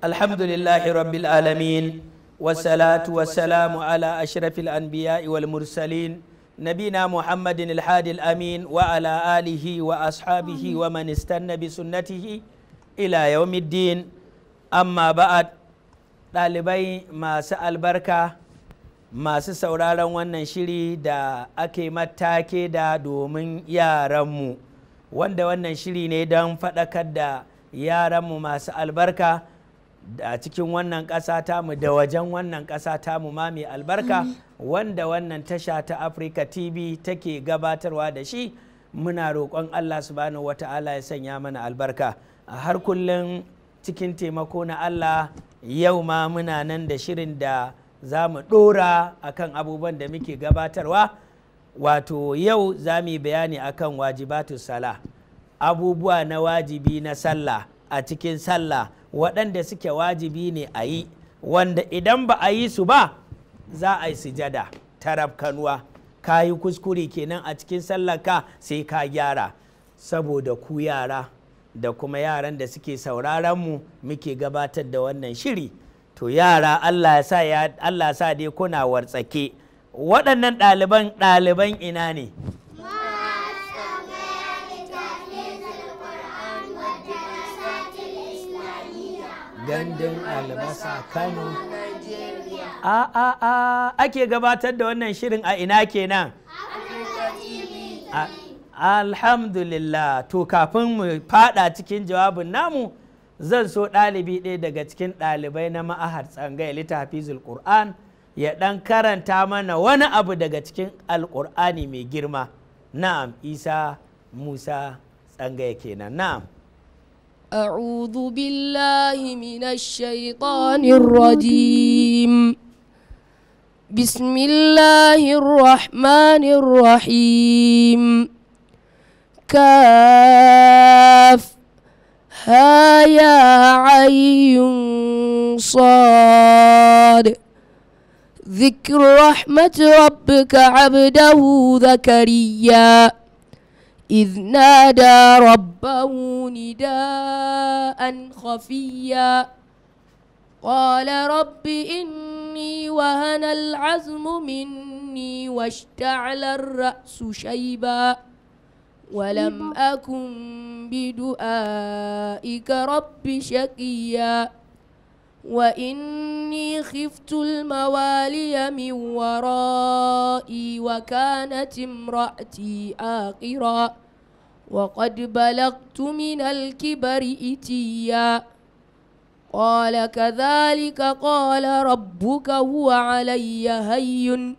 الحمد لله رب العالمين والصلاة والسلام على أشرف الأنبياء والمرسلين نبينا محمد الحادي الأمين وعلى آله وأصحابه ومن استنى بسنته إلى يوم الدين أما بعد ɗalibai masu albarka masu sauraron wannan shiri da ake matake da domin yaranmu wanda wannan shiri ne don faɗakar da yaranmu masu albarka a cikin wannan ƙasa tamu da wajen wannan ƙasa tamu ma mai albarka wanda wannan tasha ta Afirka TV take gabatarwa da shi muna roƙon Allah subhanahu wata'ala ya sanya mana albarka a har kullum cikin taimako na Allah yau ma muna nan da shirin da za mu ɗora akan abubuwan da muke gabatarwa wato yau za mu yi bayani akan wajibatu sala abubuwa na wajibi na sallah a cikin sallah waɗanda suke wajibi ne a yi wanda idan ba a yi su ba za a yi sujada tarafkanuwa ka yi kuskure kenan a cikin sallaka sai ka gyara saboda ku yara da kuma yaran da suke sauraronmu muke gabatar da wannan shiri to yara allah ya sa dai kuna wartsake waɗannan ɗaliban ɗaliban ina ne gandun albasa kano a a a ake gabatar da wannan shirin a ina kenan alhamdulillah to kafin mu fada cikin jawabin namu zan so ɗalibi ɗaya daga cikin ɗalibai na ma'ahar tsangaya littafi qur'an ya ɗan karanta mana wani abu daga cikin alƙur'ani mai girma na'am isa musa tsangaya kenan na'am أعوذ بالله من الشيطان الرجيم بسم الله الرحمن الرحيم كاف ها يا عين صاد ذكر رحمة ربك عبده زكريا إذ نادى ربه نداء خفيا قال رب إني وهن العزم مني واشتعل الرأس شيبا ولم أكن بدعائك رب شقيا وإني خفت الموالي من ورائي وكانت امرأتي آقرا وقد بلغت من الكبر إتيا قال كذلك قال ربك هو علي هين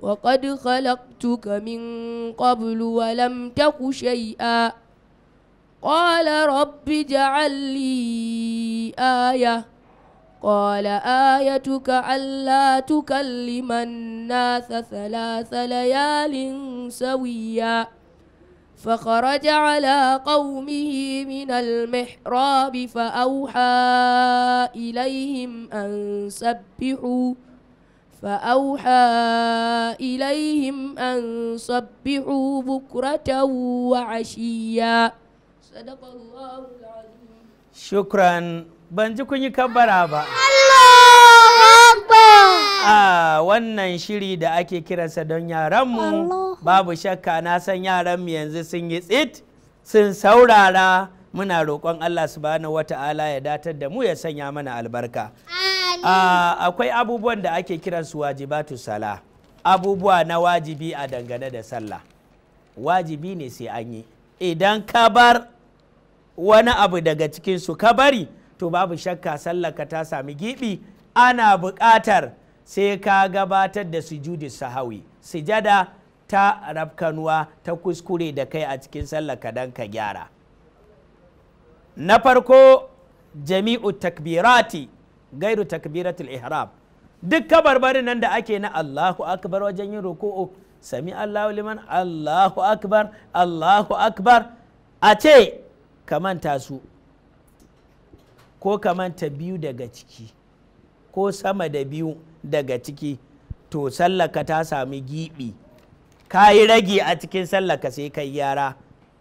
وقد خلقتك من قبل ولم تك شيئا قال رب اجعل لي آية قال آيتك ألا تكلم الناس ثلاث ليال سويا فخرج على قومه من المحراب فأوحى إليهم أن سبحوا فأوحى إليهم أن سبحوا بكرة وعشيا صدق الله العظيم شكرا ban ji kun yi kabbara ba wannan shiri da ake kiransa don yaranmu babu shakka na san yaranmu yanzu sun yi tsit sun saurara muna roƙon Allah su subhanahu wata'ala ya datar da mu ya sanya mana albarka akwai abubuwan da ake kiransu wajibatu sala abubuwa na wajibi a dangane da sallah wajibi ne sai an yi idan ka bar wani abu daga cikinsu ka bari to babu shakka sallaka ta sami gibi ana buƙatar sai ka gabatar da sujudi sahawi sujada ta rafkanuwa ta kuskure da kai a cikin sallaka don ka gyara na farko jami'u takbirati gairu takbiratul ihram duk kabarbarin nan da ake na Allahu akbar wajen yin ruku'u sami Allahu liman Allahu akbar Allahu akbar a ce ka manta su ko kamanta biyu daga ciki ko sama da biyu daga ciki to sallaka ta sami giɓi ka yi ragi a cikin sallaka sai kai yara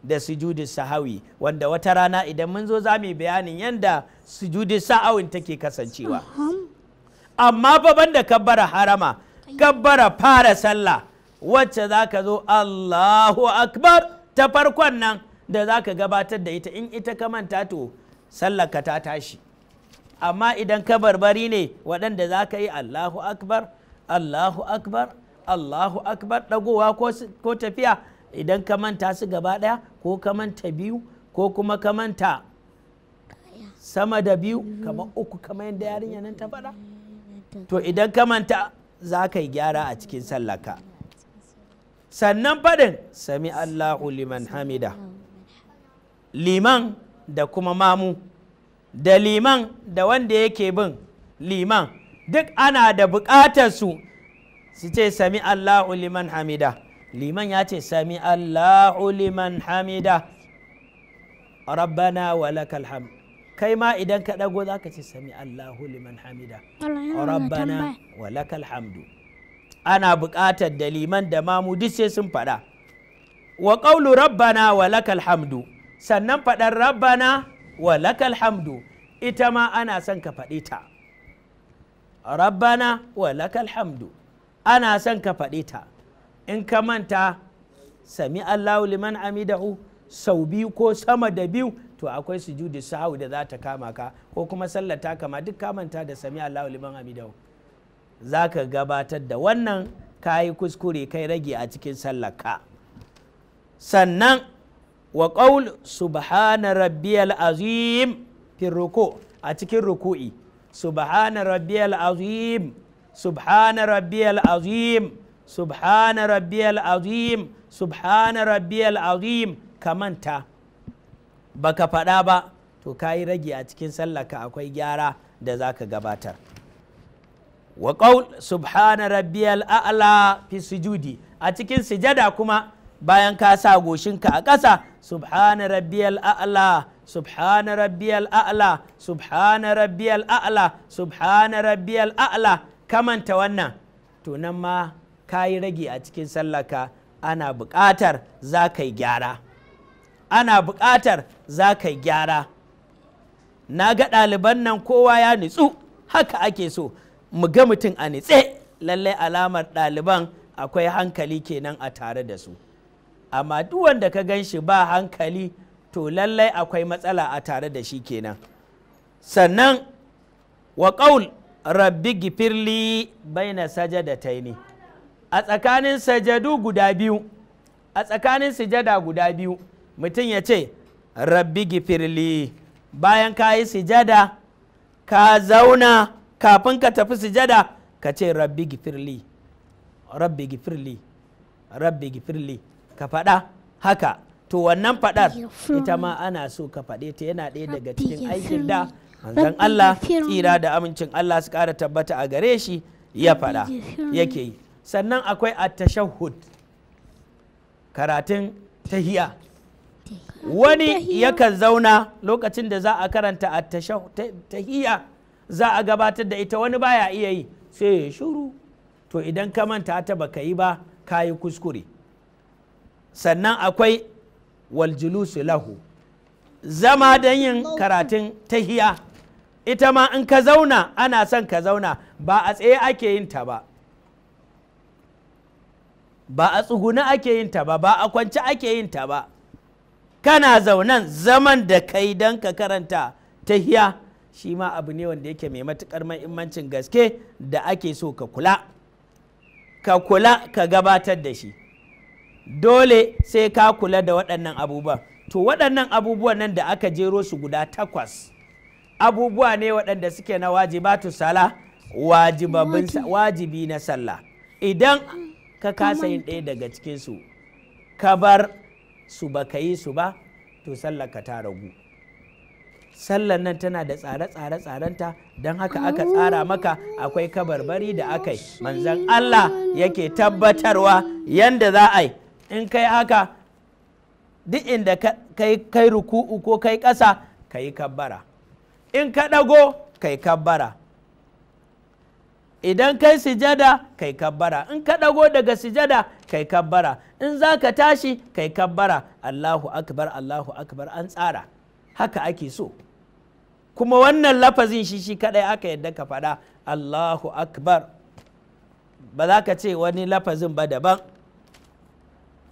da sujudi sahawi wanda wata rana idan mun zo za mu bayanin yadda sujudi sahawin take kasancewa amma fa da kabbara harama kabbara fara sallah wacce za ka zo allahu akbar ta farkon nan da za ka gabatar da ita in ita ka manta to sallaka ta tashi amma idan ka barbari ne waɗanda za ka yi allahu akbar allahu akbar allahu akbar ɗagowa ko tafiya idan ka manta su gaba ɗaya ko ka manta biyu ko kuma ka manta sama da biyu kamar uku kamar yadda yarinya nan ta faɗa to idan ka manta za ka yi gyara a cikin sallaka sannan faɗin sami allahu liman hamida liman da kuma mamu da liman da wanda yake bin liman duk ana da buƙatar su su ce sami Allahu liman hamida liman ya ce sami Allahu liman hamida rabbana walakal lakal hamd kai ma idan ka ɗago za ka ce sami Allahu liman hamida rabbana walakal hamdu ana buƙatar da liman da mamu duk sai sun faɗa wa ƙaulu rabbana walakal hamdu sannan faɗar rabbana wa lakal hamdu ita ma ana son ka faɗi ta rabbana wa lakal hamdu ana son ka faɗi ta in ka manta sami allahu liman amidahu sau biyu ko sama da biyu to akwai sujudi sahau da za ta kama ka ko kuma sallar ta kama duk manta da sami allahu liman amidahu za ka gabatar da wannan ka yi kuskure kai rage a cikin sallar ka sannan wa qaul subhana rabbiyal azim fi ruku a cikin ruku'i subhana rabbiyal azim subhana rabbiyal azim subhana rabbiyal azim subhana rabbiyal azim kamanta baka faɗa ba to kayi rage a cikin sallaka akwai gyara da zaka gabatar wa qaul subhana rabbiyal a'la fi sujudi a cikin sujada kuma bayan ka sa goshinka a ƙasa subhana rabbiyal a'la subhana rabbiyal a'la subhana rabbiyal a'la subhana rabbiyal a'la kamanta wannan to nan ma ka yi rage a cikin sallaka ana buƙatar za ka yi gyara ana buƙatar za ka yi gyara na ga ɗaliban nan kowa ya nitsu haka ake so mu ga mutum a nitse lallai alamar ɗaliban akwai hankali kenan a tare da su amma duk wanda ka gan shi ba hankali to lallai akwai matsala a tare da shi kenan sannan wa ƙaul rabbi gifirli baina ne a tsakanin sajadu guda biyu a tsakanin sujada guda biyu mutum ya ce rabbi gifirli bayan ka yi sujada ka zauna kafin ka tafi sujada ka ce rabbi gifirli rabbi gifirli rabbi gifirli ka faɗa haka to wannan faɗar ita ma ana so ka faɗe ta yana ɗaya daga cikin aikin da manzon Allah tsira da amincin Allah su ƙara tabbata a gare shi ya faɗa yake yi sannan akwai at-tashahhud karatun tahiya wani yakan zauna lokacin da za a karanta at-tahiyya za a gabatar da ita wani baya iya yi sai ya shuru to idan ka manta ta baka yi ba ka yi kuskure sannan akwai waljulusu lahu zama don yin karatun tahiya ita ma in ka zauna ana son ka zauna ba a tsaye ake yin ta ba ba a tsuguna ake yin ta ba ba a kwance ake yin ta ba kana zaunan zaman da kai don ka karanta tahiya shi ma abu ne wanda yake mai matukar mahimmancin gaske da ake so ka kula ka kula ka gabatar da shi dole sai ka kula da waɗannan abubuwa to waɗannan abubuwan nan da aka jero su guda takwas abubuwa ne waɗanda suke na wajibatu sala wajibi na sallah idan ka kasa yin ɗaya daga cikinsu ka bar su baka yi su ba to sallah ka ta ragu sallan nan tana da tsare-tsare tsarenta don haka aka tsara maka akwai kabarbari da aka yi manzan Allah yake tabbatarwa yadda za a yi in kai haka duk inda kai ruku'u ko kai ƙasa kai yi kabbara in ka ɗago ka kabbara idan kai sujada kai kabbara in ka ɗago daga sujada kai kabbara in za ka tashi kai kabbara allahu akbar allahu akbar an tsara haka ake so kuma wannan lafazin shi shi kadai aka yadda ka faɗa allahu akbar ba za ka ce wani lafazin ba daban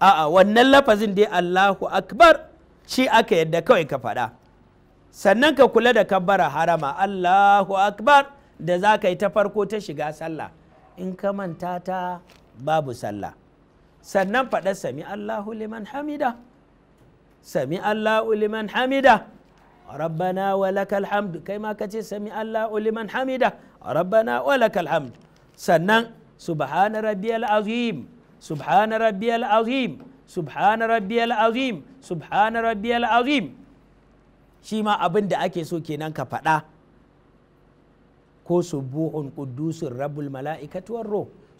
a'a wannan lafazin dai Allahu akbar shi aka yadda kawai ka faɗa sannan ka kula da kabbara harama Allahu akbar da za ka yi ta farko ta shiga sallah in ka manta ta babu sallah sannan faɗa sami Allahu liman hamida sami Allahu liman hamida rabbana wa lakal hamd kai ma ka ce sami Allahu liman hamida rabbana wa lakal hamd sannan subhana rabbiyal azim subhana rabbiyal azim subhana rabbiyal azim subhana rabbiyal azim shi ma abin da ake so kenan ka faɗa ko subuhun quddusun rabbul mala'ikatu war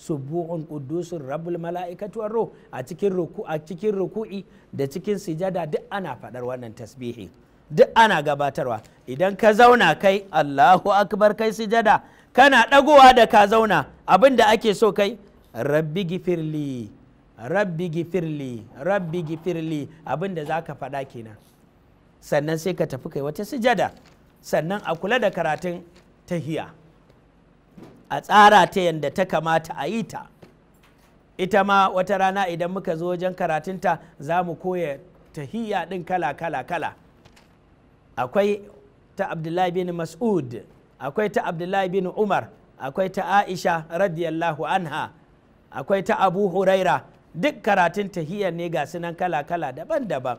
subuhun quddusun rabbul mala'ikatu war a cikin ruku a cikin ruku'i da cikin sujada duk ana faɗar wannan tasbihi duk ana gabatarwa idan ka zauna kai Allahu akbar kai sujada kana ɗagowa da ka zauna abin da ake so kai rabbi gifirli rabbi gifirli rabbi gifirli abin da za ka faɗa kenan sannan sai ka tafi kai wata sujada sannan a kula da karatun tahiya a tsara ta yadda ta kamata a yi ta ita ma wata rana idan muka zo wajen karatunta za mu koya tahiya ɗin kala kala kala akwai ta abdullahi bin mas'ud akwai ta abdullahi bin umar akwai ta aisha radiyallahu anha akwai ta abu huraira duk karatun tahiyar ne ga sunan kala-kala daban-daban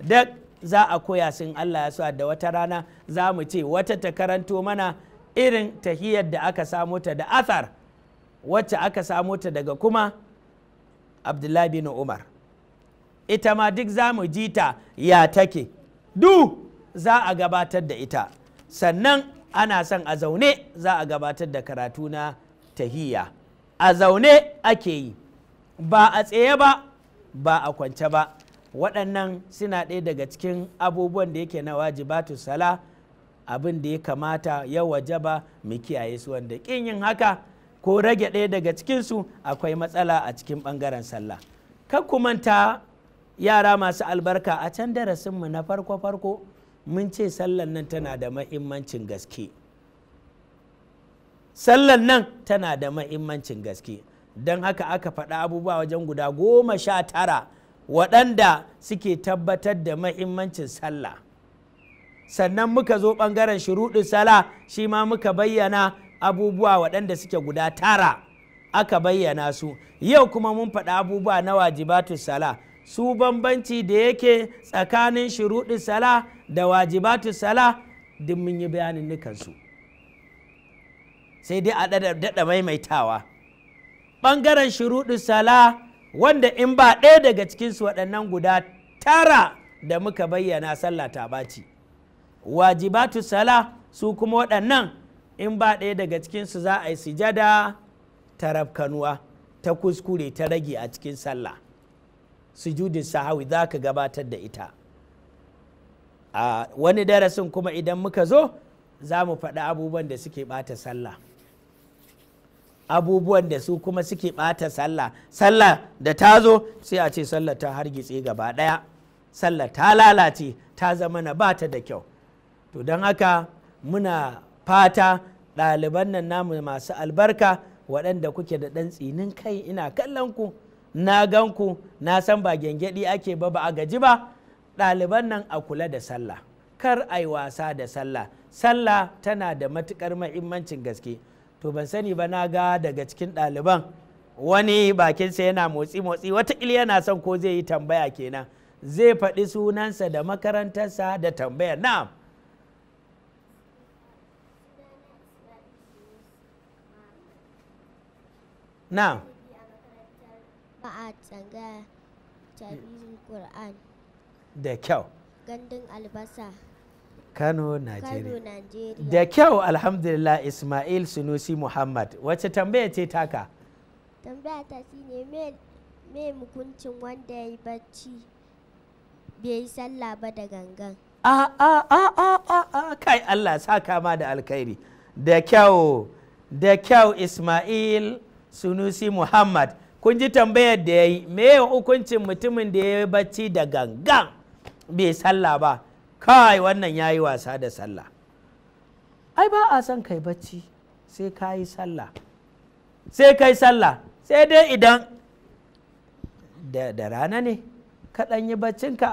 duk za a koya sun allah ya sa da wata rana za mu ce wata ta karanto mana irin tahiyar da aka samo ta da athar wacce aka samo ta daga kuma abdullahi bin umar ita ma duk za mu ji ta ya take du za a gabatar da ita sannan ana son a zaune za a gabatar da karatu na tahiyya a zaune ake yi ba a tsaye ba ba a kwance ba waɗannan suna ɗaya daga cikin abubuwan da yake na wajibatu sala abin da ya kamata ya ba mu kiyaye su wanda ƙin yin haka ko rage ɗaya daga cikinsu akwai matsala a cikin ɓangaren sallah kan kumanta yara masu albarka a can darasinmu na farko-farko mun ce sallan nan tana da mahimmancin gaske. sallan nan tana da mahimmancin gaske don haka aka faɗa abubuwa wajen guda goma sha tara waɗanda suke tabbatar da mahimmancin sallah sannan muka zo ɓangaren shuruɗin sala shi ma muka bayyana abubuwa waɗanda suke guda tara aka bayyana su yau kuma mun faɗa abubuwa na wajibatun sala su bambanci da yake tsakanin shuruɗin sala da wajibatun sala duk mun yi bayanin nukansu. sai dai a daɗa maimaitawa ɓangaren shuruɗin sala wanda in ba ɗaya daga cikinsu waɗannan guda tara da muka bayyana sallah ta ɓaci wajibatu sala su kuma waɗannan in ba ɗaya daga cikinsu za a yi sujada ta rafkanuwa ta kuskure ta rage a cikin sallah sujudin sahawi za ka gabatar da ita a wani darasin kuma idan muka zo za mu faɗi abubuwan da suke ɓata sallah abubuwan da su kuma suke ɓata sallah sallah da ta zo sai a ce sallah ta hargitse gaba ɗaya sallah ta lalace ta zama na bata da kyau to don haka muna fata ɗaliban nan namu masu albarka waɗanda kuke da ɗan tsinin kai ina kallon ku na gan ku na san ba gyangyaɗi ake ba ba a gaji ba ɗaliban nan a kula da sallah kar a wasa da sallah sallah tana da matuƙar mahimmancin gaske to ban sani ba na ga daga cikin ɗaliban wani bakinsa yana motsi motsi watakila yana son ko zai yi tambaya kenan zai faɗi sunansa da makarantarsa da tambaya Na. Na. da kyau gandun albasa Kano, Najeriya. Da kyau alhamdulillah Ismail Sunusi Muhammad wacce tambaya ce taka? Tambaya ta shi ne me mukuncin wanda ya yi bacci bai yi sallah ba da gangan. A a a a a a kai Allah sa kama da alkhairi. Da kyau da kyau Ismail Sunusi Muhammad kun ji tambayar da ya yi me hukuncin mutumin da ya yi bacci da gangan bai sallah ba. kai wannan ya yi wasa da sallah ai ba a son kai bacci sai ka yi sallah sai kai sallah sai dai idan da rana ne ka yi baccinka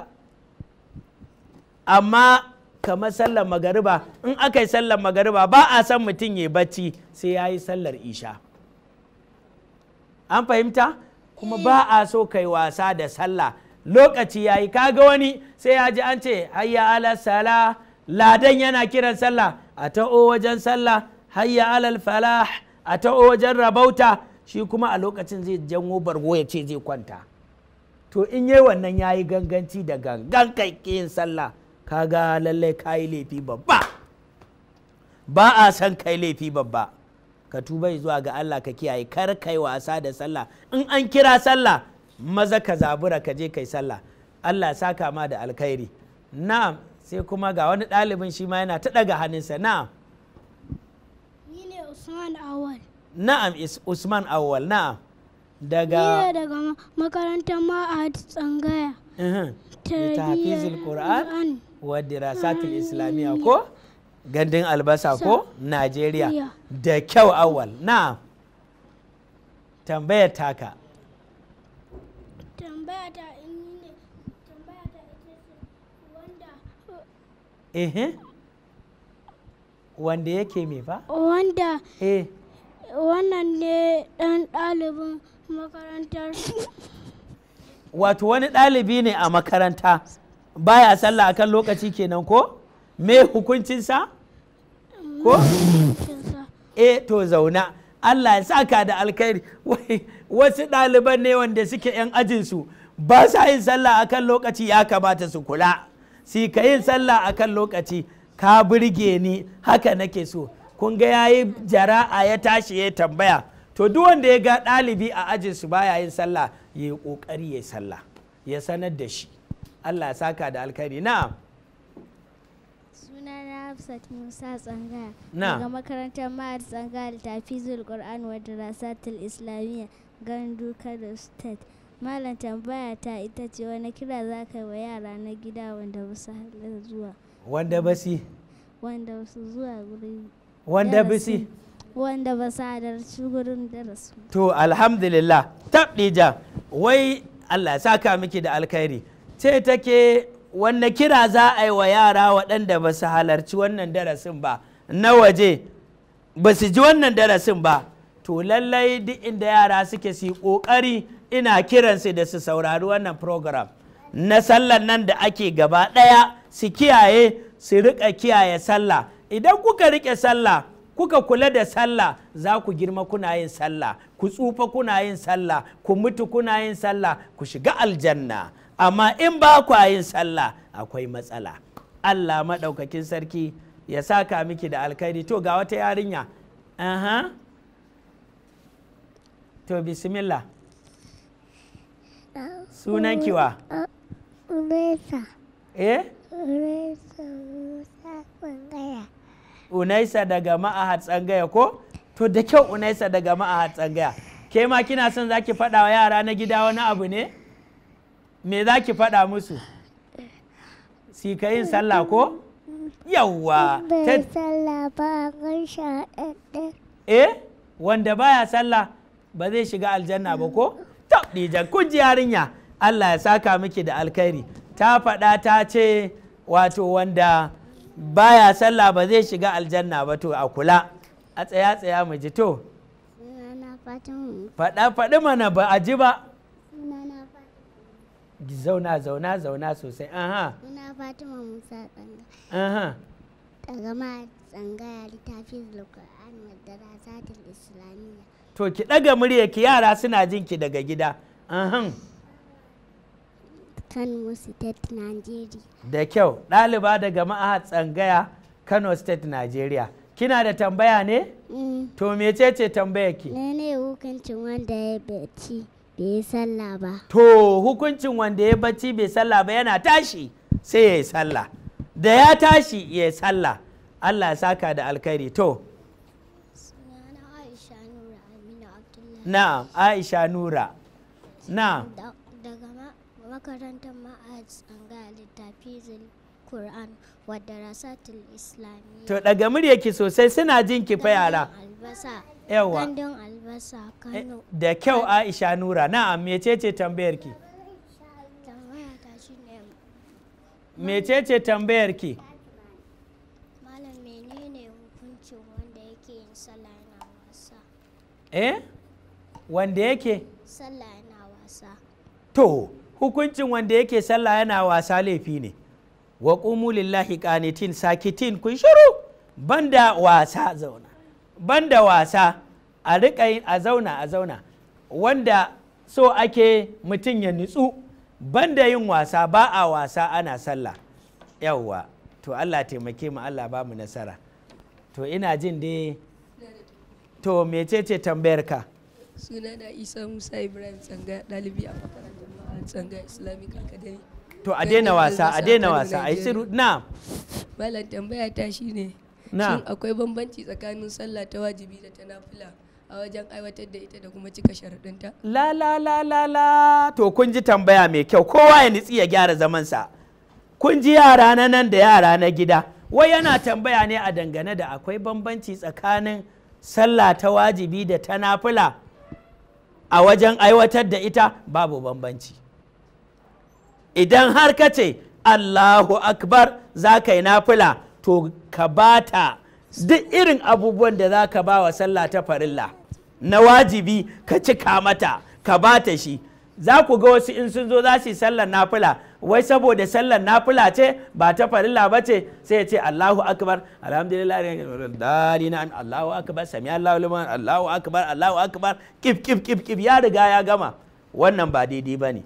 amma kamar sallar magariba in aka yi sallar magariba ba a son mutum ya yi bacci sai ya yi sallar isha an fahimta kuma ba a so kai wasa da sallah lokaci ya yayi kaga wani sai ya ji an ce hayya ala sala ladan yana kiran sallah a ta'o wajen sallah hayya alal falah a ta'o wajen rabauta shi kuma a lokacin zai janwo bargo ya ce zai kwanta to in yi wannan ya yi ganganci da gangan kai yin sallah kaga lallai ka yi laifi babba ba a san kai laifi babba ka tuba zuwa ga Allah ka kiyaye kar kai wasa da sallah in an kira sallah maza ka zabura ka je kai sallah Allah saka ma da alkhairi na'am sai kuma ga wani ɗalibin shi ma yana ta ɗaga hannunsa na'am ni ne Usman Awal na'am is Usman Awal na'am daga ni daga makarantar ma'ad tsangaya tahfizul Qur'an wa dirasatul islamiyya ko gandun albasa ko Najeriya da kyau awal na'am tambayar taka eh wanda yake me ba wanda eh wannan ne dan ɗalibin makarantar wato wani ɗalibi ne a makaranta baya sallah akan lokaci kenan ko me hukuncinsa ko eh to zauna Allah ya saka da alkhairi wasu ɗaliban ne wanda suke 'yan ajinsu ba sa yin sallah akan lokaci ya kamata su kula si ka yin sallah a kan lokaci ka birge ni haka nake so kun ga yayi jara'a ya tashi ya tambaya to duk wanda ya ga ɗalibi a ajin su baya yin sallah ya yi ƙoƙari ya sallah ya sanar da shi Allah ya saka da alkhairi suna sunana Hafsat Musa Tsanga daga makarantar Ma'ad Tsanga da Tafizul Qur'an wa Darasatul Islamiyya Gandu Kano State Malam tambaya ta ita ce wani kira za ka yi wa yara na gida wanda ba su zuwa. Wanda ba si? Wanda ba su zuwa gurin. Wanda ba si? Wanda ba su halarci gurin darasu. To alhamdulillah tabdija wai Allah sa ka miki da alkhairi ce take wanne kira za a yi wa yara waɗanda ba su halarci wannan darasin ba na waje ba su ji wannan darasin ba to lallai duk inda yara suke su yi ƙoƙari ina kiransu da su saurari wannan program na sallar nan da ake gaba ɗaya su kiyaye su riƙa kiyaye sallah idan kuka riƙe sallah kuka kula da sallah za ku girma kuna yin sallah ku tsufa kuna yin sallah ku mutu kuna yin sallah ku shiga aljanna amma in ba ku yin sallah akwai matsala allah maɗaukakin sarki ya saka miki da alkhairi to ga wata yarinya aha to bismillah sunan kiwa unaisa eh unaisa musa tsangaya unaisa daga ma'ahad tsangaya ko to da kyau unaisa daga ma'ahad tsangaya ke ma kina son za ki faɗa wa yara na gida wani abu ne me za ki faɗa musu si ka yin sallah ko yawwa ta sallah ba eh wanda baya sallah ba zai shiga aljanna ba ko tabdijan kun ji yarinya Allah ya saka miki da alkhairi ta faɗa ta ce wato wanda baya sallah ba zai shiga aljanna ba to a kula a tsaya tsaya mu ji to faɗa faɗi mana ba a ji ba zauna zauna zauna sosai aha suna fatima musa tsanga aha daga ma tsangaya littafin alkur'an madrasatul islamiyya to ki ɗaga murya ki yara suna jin ki daga gida ahan Kano State, Nigeria. Da kyau, ɗaliba daga ma'a tsangaya Kano State, Nigeria. Kina da tambaya ne? Mm. To mecece tambaya ki? Mene hukuncin wanda ya bacci bai yi sallah ba. To hukuncin wanda ya bacci bai sallah ba yana tashi sai ya yi sallah. Da ya tashi ya yi sallah. Allah ya saka da alkhairi. To. Na'am, Aisha Nura. Na'am. Daga makarantar ma a tsanga littafizin Kur'an wa darasatul Islamiyya. To daga muryarki sosai suna jin ki fa yara. Yawa. Gandun albasa Kano. Eh, da kyau Aisha Nura. Na'am mecece tambayar ki? Mecece tambayar ki? Malam menene hukuncin wanda yake yin sallah na wasa? Eh? Wanda yake? Sallah yana wasa. To, hukuncin wanda yake sallah yana wasa laifi ne wa ƙumu lillahi ƙanitin sakitin kun shiru banda wasa zauna banda wasa a riƙa a zauna a zauna wanda so ake mutum ya nutsu banda yin wasa ba a wasa ana sallah yawwa to Allah taimake mu Allah ba mu nasara to ina jin dai to mecece tambayar ka suna da isa musa ibrahim tsanga ɗalibi a makarantar to a daina wasa a daina wasa tambaya mai kyau kowa ya nitsi ya gyara kun ji yara na nan da yara na gida wai yana tambaya ne a dangane da akwai bambanci tsakanin sallah ta wajibi da ta nafila a wajen aiwatar da ita babu bambanci idan har ka ce Allahu akbar za ka yi nafila to ka bata duk irin abubuwan da za ka ba wa sallah ta farilla na wajibi ka cika mata ka bata shi za ku ga wasu in sun zo za su yi sallar nafila wai saboda sallar nafila ce ba ta farilla ba ce sai ya ce Allahu akbar alhamdulillah Allahu akbar sami Allahu liman akbar Allahu akbar kif kif kif ya riga ya gama wannan ba daidai bane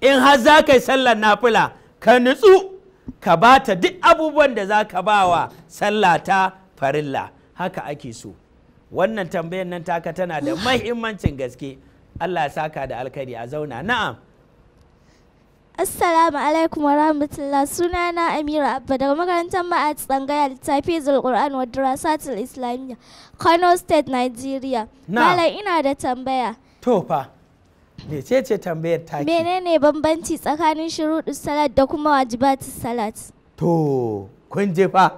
in har za ka yi sallar nafila ka nutsu ka ba ta duk abubuwan da za ka ba wa sallah ta farilla haka ake so wannan tambayar nan taka tana da mahimmancin gaske allah ya saka da alkhairi a zauna na'am Assalamu alaikum wa rahmatullah suna na Amira Abba daga makarantar ma'at tsangaya littafi Zulqur'an wa Dirasatul Islamiyya Kano State Nigeria. Malam ina da tambaya. To fa. mece ce tambayar taki menene bambanci tsakanin shuruɗin salat da kuma wajibatu salat to kun jefa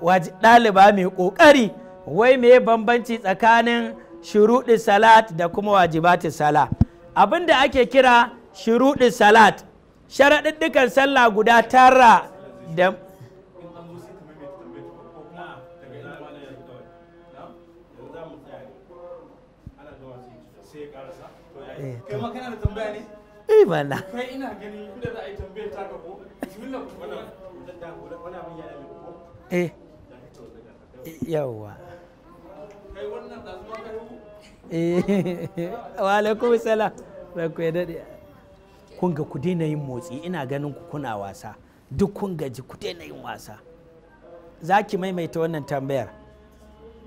fa ɗaliba mai ƙoƙari wai me bambanci tsakanin shuruɗin salat da kuma wajibatu salat abin da ake kira shuruɗin salat sharaɗin dukan sallah guda tara da Eh, kai ma kana da tambaya ne eh mana kai ina gani inda za a yi tambayar ta ko bismillah wala wala mun yana ne ko eh yawa kai wannan da eh wa alaikum ya dade kun ga ku daina yin motsi ina ganin ku kuna wasa duk kun gaji ku daina yin wasa za ki maimaita wannan tambayar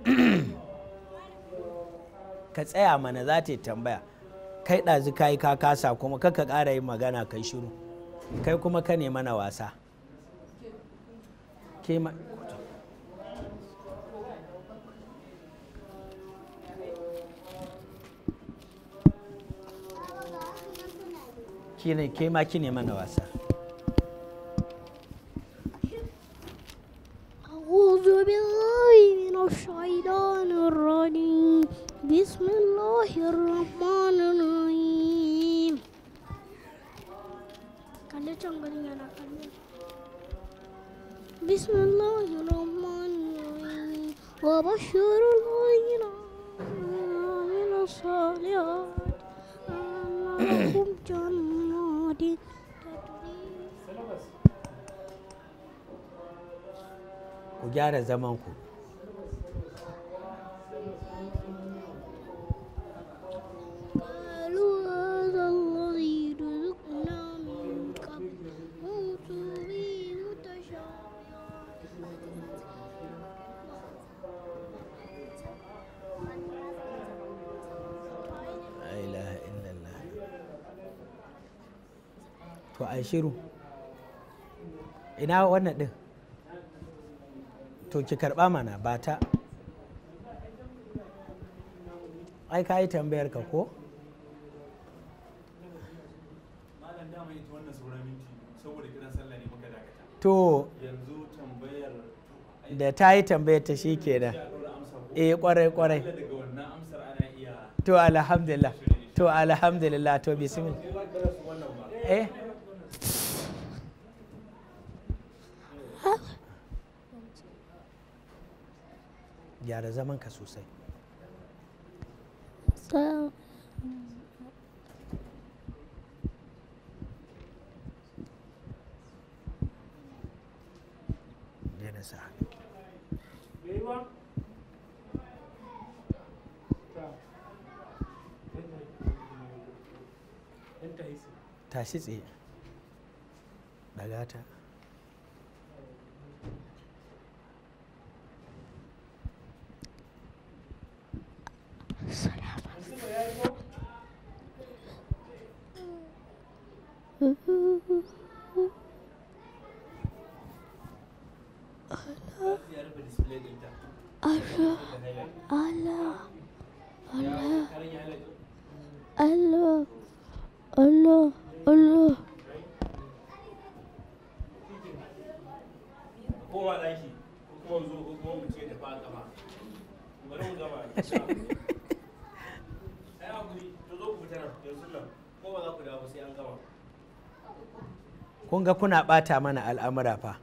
ka tsaya mana za ta yi tambaya kai ɗazu ka yi ka kasa kuma kaka ƙara yin magana kai shiru kai kuma ka ne mana wasa ke ma ki ne mana wasa to a shiru ina wannan ɗin to ki karɓa mana ba ta ai ka yi tambayar ka ko to da ta yi tambayar ta shi kenan e kwarai kwarai to alhamdulillah to alhamdulillah to bismillah eh gyara zaman ka sosai tashi tsaye daga ta ga kuna ɓata mana al'amura fa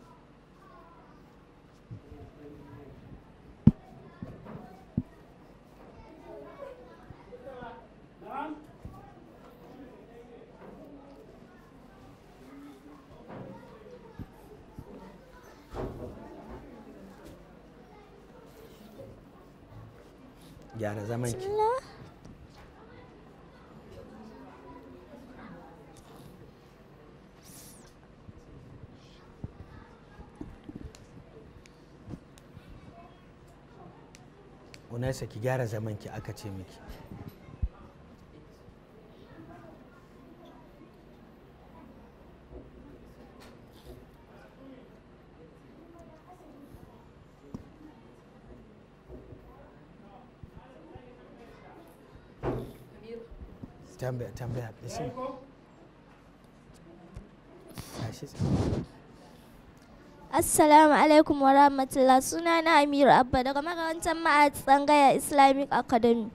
gyara zamanki. ki. matarsa ki gyara zaman ki aka ce miki tambaya tambaya Assalamu alaikum wa rahmatullah suna na Amiru Abba daga makarantar ma'a tsangaya Islamic Academy.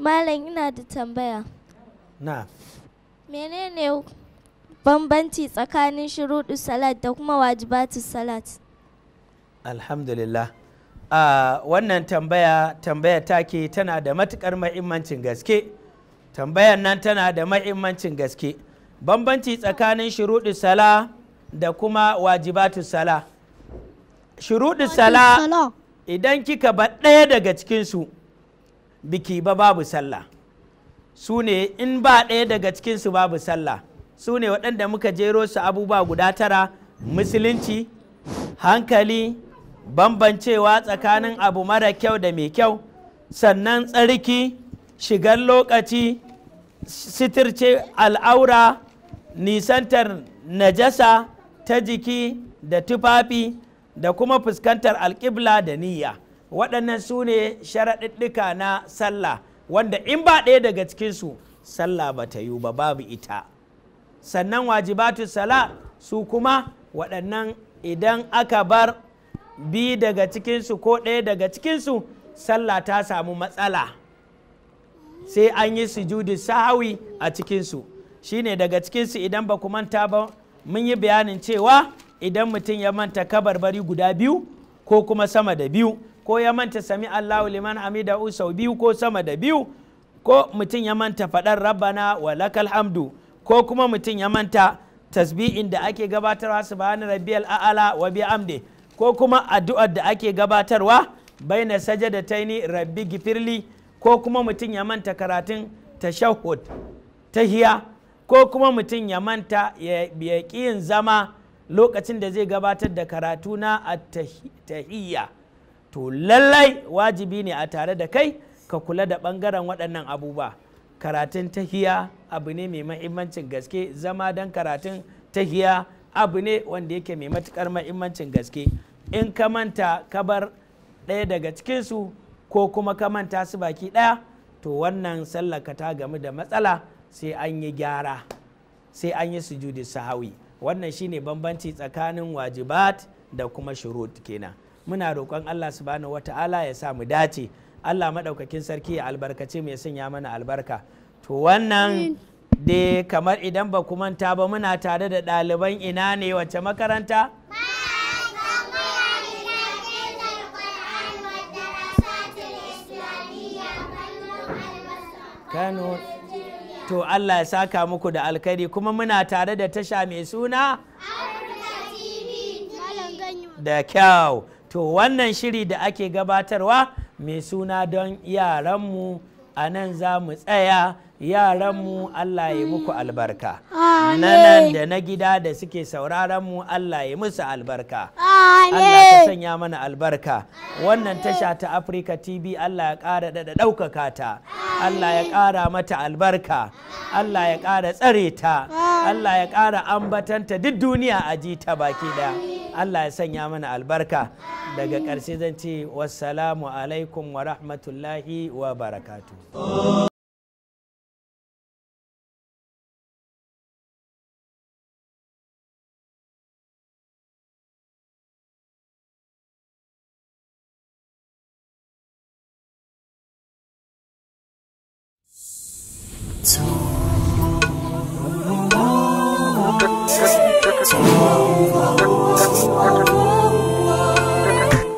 Malam ina da tambaya. Na. Menene bambanci tsakanin shuruɗu salat da kuma wajibatu salat? Alhamdulillah. Uh, wannan tambaya tambaya take tana da matukar mahimmancin gaske. Tambayan nan tana da mahimmancin gaske. Bambanci tsakanin shuruɗu salat da kuma wajibatu sala shuruɗin sala idan kika ba ɗaya daga cikinsu biki ba babu sallah su ne in ba ɗaya daga cikinsu babu sallah su ne waɗanda muka jero su abubuwa guda tara musulunci hankali bambancewa tsakanin abu mara kyau da mai kyau sannan tsarki shigar lokaci sitirce al'aura nisantar najasa ta jiki da tufafi da kuma fuskantar alƙibla da niyya waɗannan su ne sharaɗiɗɗika na sallah wanda in ba ɗaya daga cikinsu sallah ba ta yi ba babu ita sannan wajibatu sala su kuma waɗannan idan aka bar bi daga cikinsu ko ɗaya daga cikinsu sallah ta samu matsala sai an yi sujudi sahawi a cikinsu shine daga cikinsu idan ba ku manta ba mun yi bayanin cewa idan mutum ya manta kabarbari guda biyu ko kuma sama da biyu ko ya manta sami Allahu liman amida usau biyu ko sama da biyu ko mutum ya manta faɗar rabana wa lakal hamdu ko kuma mutum ya manta tasbi'in da ake gabatarwa su subhana rabbiyal a'ala wa amde ko kuma addu'ar da ake gabatarwa baina taini rabbi gifirli ko kuma mutum ya manta karatun ta tahiya ko kuma mutum ya manta ya ƙi yin zama lokacin da zai gabatar da karatu na tahiyya to lallai wajibi ne a tare da kai ka kula da ɓangaren waɗannan abubuwa karatun tahiya abu ne mai mahimmancin gaske zama don karatun tahiya abu ne wanda yake mai matuƙar mahimmancin gaske in ka manta ka bar ɗaya daga cikinsu ko kuma ka manta su baki ɗaya to wannan sallaka ta gamu da matsala sai an yi gyara sai an yi sujudi sahawi wannan shine bambanci tsakanin wajibat da kuma shurut kenan muna roƙon Allah subhanahu wata'ala ya sa mu dace Allah maɗaukakin sarki ya albarkace mu ya sanya mana albarka to wannan da kamar idan ba ku manta ba muna tare da ɗaliban ina ne wacce makaranta Kano to Allah ya saka muku da alkhairi kuma muna tare da tasha mai suna da kyau to wannan shiri da ake gabatarwa mai suna don yaranmu a nan za mu tsaya mu Allah ya muku albarka na nan da na gida da suke mu Allah ya musu albarka Allah ya sanya mana albarka wannan tasha ta Africa TV Allah ya kara da ɗaukaka ta Allah ya ƙara mata albarka Allah ya ƙara tsare ta Allah ya ƙara ambatanta duk duniya a ji ta baki ɗaya Allah ya sanya mana albarka daga ƙarshe zan ce wassalamu alaikum wa rahmatullahi wa barakatu